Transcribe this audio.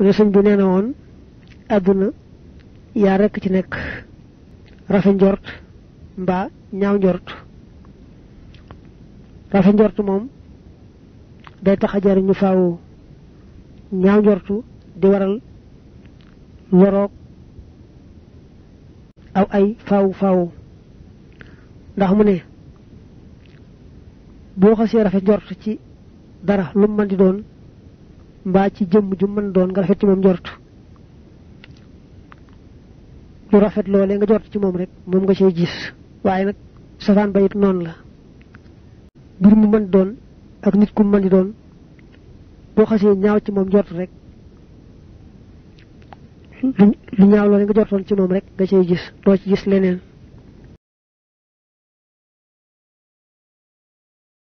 ne señ bi neena won aduna ya rek ci nek rafa njort mba ñaaw njort rafa njort mom day taxa jar ñu faawu ñaaw njortu di waral worook aw ay faawu faawu ndax mu ne boo xasee rafa njort ci dara lu mën di doon mbaa ci jëmm ju mën doon nga rafet ci moom njort lu rafet loolee nga jort ci moom rek moom nga ci gis waaye nag safaan ba it noonu la mbir mu mën doon ak nit ku mën di doon boo xasee ñaaw ci moom jort rek lu ñaaw loolee nga jortoon ci moom rek nga cay gis doo ci gis leneen